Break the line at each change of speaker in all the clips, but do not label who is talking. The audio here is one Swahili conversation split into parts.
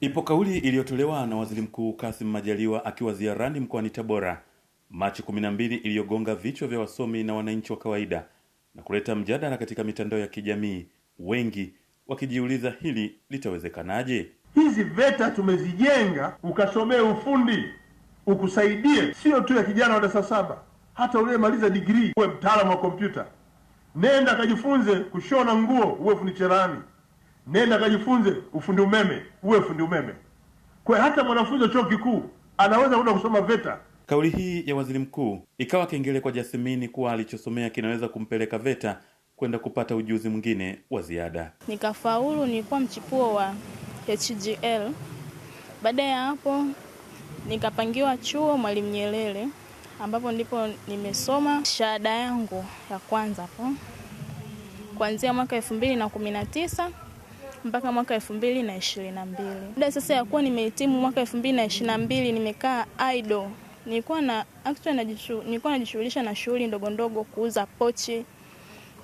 Ipo kauli iliyotolewa na Waziri Mkuu Kassim Majaliwa akiwa ziarani mkoani Tabora Machi 12 iliyogonga vichwa vya wasomi na wananchi wa kawaida na kuleta mjadala katika mitandao ya kijamii, wengi wakijiuliza hili litawezekanaje?
Hizi VETA tumezijenga ukasomee ufundi ukusaidie, sio tu ya kijana wa darasa saba, hata uliyemaliza digrii uwe mtaalamu wa kompyuta, nenda kajifunze kushona nguo, uwe fundi cherani nenda kajifunze ufundi umeme, uwe fundi umeme. Kwa hata mwanafunzi wa chuo kikuu anaweza kwenda kusoma VETA.
Kauli hii ya waziri mkuu ikawa kengele kwa jasimini kuwa alichosomea kinaweza kumpeleka VETA kwenda kupata ujuzi mwingine wa ziada.
Nikafaulu, nilikuwa mchipuo wa HGL. Baada ya hapo nikapangiwa chuo Mwalimu Nyerere, ambapo ndipo nimesoma shahada yangu ya kwanza hapo kuanzia mwaka elfu mbili na kumi na tisa mpaka mwaka elfu mbili na ishirini na mbili. Muda sasa ya kuwa nimehitimu mwaka elfu mbili na ishirini na mbili nimekaa idle. Nilikuwa na actually najishu, nilikuwa najishughulisha na shughuli ndogo ndogo, kuuza pochi,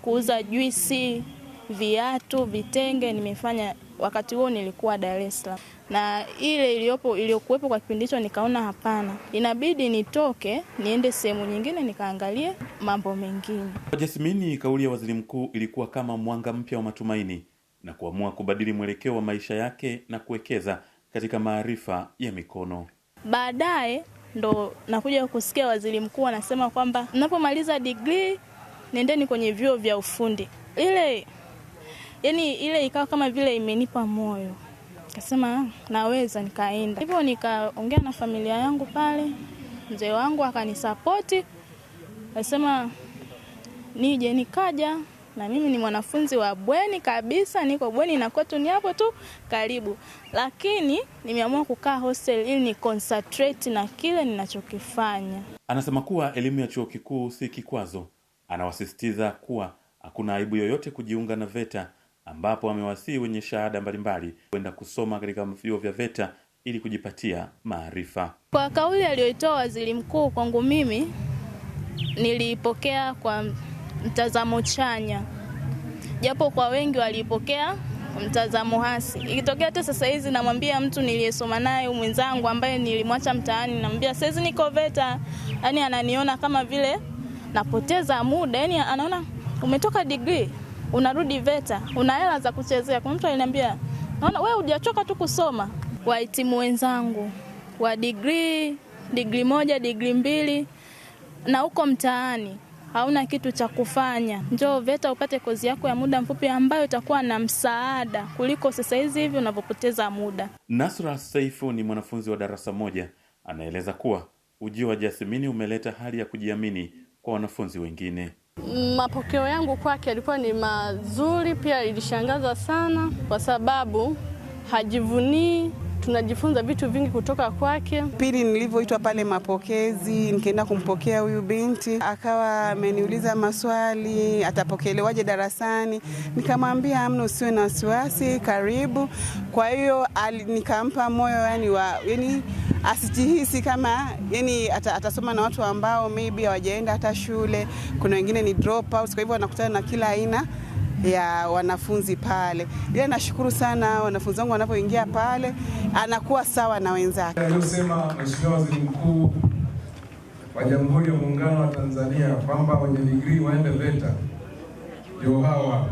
kuuza juisi, viatu, vitenge. Nimefanya wakati huo nilikuwa Dar es Salaam, na ile iliyopo iliyokuwepo kwa kipindi hicho nikaona hapana, inabidi nitoke niende sehemu nyingine nikaangalie mambo mengine.
Kwa Jasmini, kauli ya waziri mkuu ilikuwa kama mwanga mpya wa matumaini na kuamua kubadili mwelekeo wa maisha yake na kuwekeza katika maarifa ya mikono.
Baadaye ndo nakuja kusikia waziri mkuu anasema kwamba napomaliza digrii nendeni kwenye vyuo vya ufundi. Ile yani ile ikawa kama vile imenipa moyo, kasema naweza, nikaenda hivyo. Nikaongea na familia yangu pale, mzee wangu akanisapoti, kasema nije, nikaja na mimi ni mwanafunzi wa bweni kabisa, niko bweni na kwetu ni hapo tu karibu, lakini nimeamua kukaa hostel ili ni concentrate na kile ninachokifanya.
Anasema kuwa elimu ya chuo kikuu si kikwazo. Anawasisitiza kuwa hakuna aibu yoyote kujiunga na VETA, ambapo amewasihi wenye shahada mbalimbali kwenda kusoma katika vyuo vya VETA ili kujipatia maarifa.
Kwa kauli aliyoitoa waziri mkuu, kwangu mimi niliipokea kwa mtazamo chanya, japo kwa wengi walipokea mtazamo hasi. Ikitokea hata sasa hizi namwambia mtu niliyesoma naye mwenzangu ambaye nilimwacha mtaani, namwambia sasa hizi niko VETA, yani ananiona kama vile napoteza muda, yani anaona umetoka degree unarudi VETA, una hela za kuchezea. Kuna mtu aliniambia, naona wewe hujachoka tu kusoma. Wahitimu wenzangu wa degree, degree moja, degree mbili na huko mtaani hauna kitu cha kufanya, njoo VETA upate kozi yako ya muda mfupi ambayo itakuwa na msaada kuliko sasa hizi hivi unavyopoteza muda.
Nasra Saifu ni mwanafunzi wa darasa moja, anaeleza kuwa ujio wa jasimini umeleta hali ya kujiamini kwa wanafunzi wengine.
Mapokeo yangu kwake yalikuwa ni mazuri, pia ilishangaza sana kwa sababu hajivunii tunajifunza vitu vingi kutoka kwake.
Pili, nilivyoitwa pale mapokezi, nikaenda kumpokea huyu binti, akawa ameniuliza maswali, atapokelewaje darasani. Nikamwambia amna, usiwe na wasiwasi, karibu. Kwa hiyo nikampa moyo yani wa yani asijihisi kama yani atasoma na watu ambao maybe hawajaenda hata shule. Kuna wengine ni dropouts, kwa hivyo anakutana na kila aina ya wanafunzi pale, Ile nashukuru sana wanafunzi wangu wanapoingia pale, anakuwa sawa na wenzake.
Aliosema Mheshimiwa Waziri Mkuu wa Jamhuri ya Muungano wa Tanzania kwamba wenye degree waende VETA ndio hawa,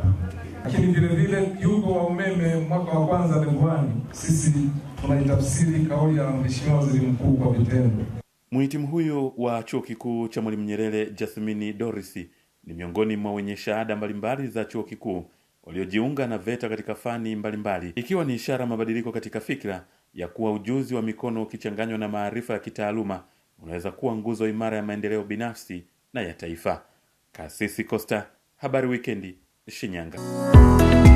lakini vile vile yuko wa umeme mwaka wa kwanza Lengwani, sisi tunaitafsiri kauli ya Mheshimiwa Waziri Mkuu kwa vitendo.
Mhitimu huyo wa chuo kikuu cha Mwalimu Nyerere jasmini Dorisi ni miongoni mwa wenye shahada mbalimbali za chuo kikuu waliojiunga na VETA katika fani mbalimbali mbali. Ikiwa ni ishara mabadiliko katika fikra ya kuwa ujuzi wa mikono ukichanganywa na maarifa ya kitaaluma unaweza kuwa nguzo imara ya maendeleo binafsi na ya taifa. Kasisi Costa, Habari Wikendi, Shinyanga.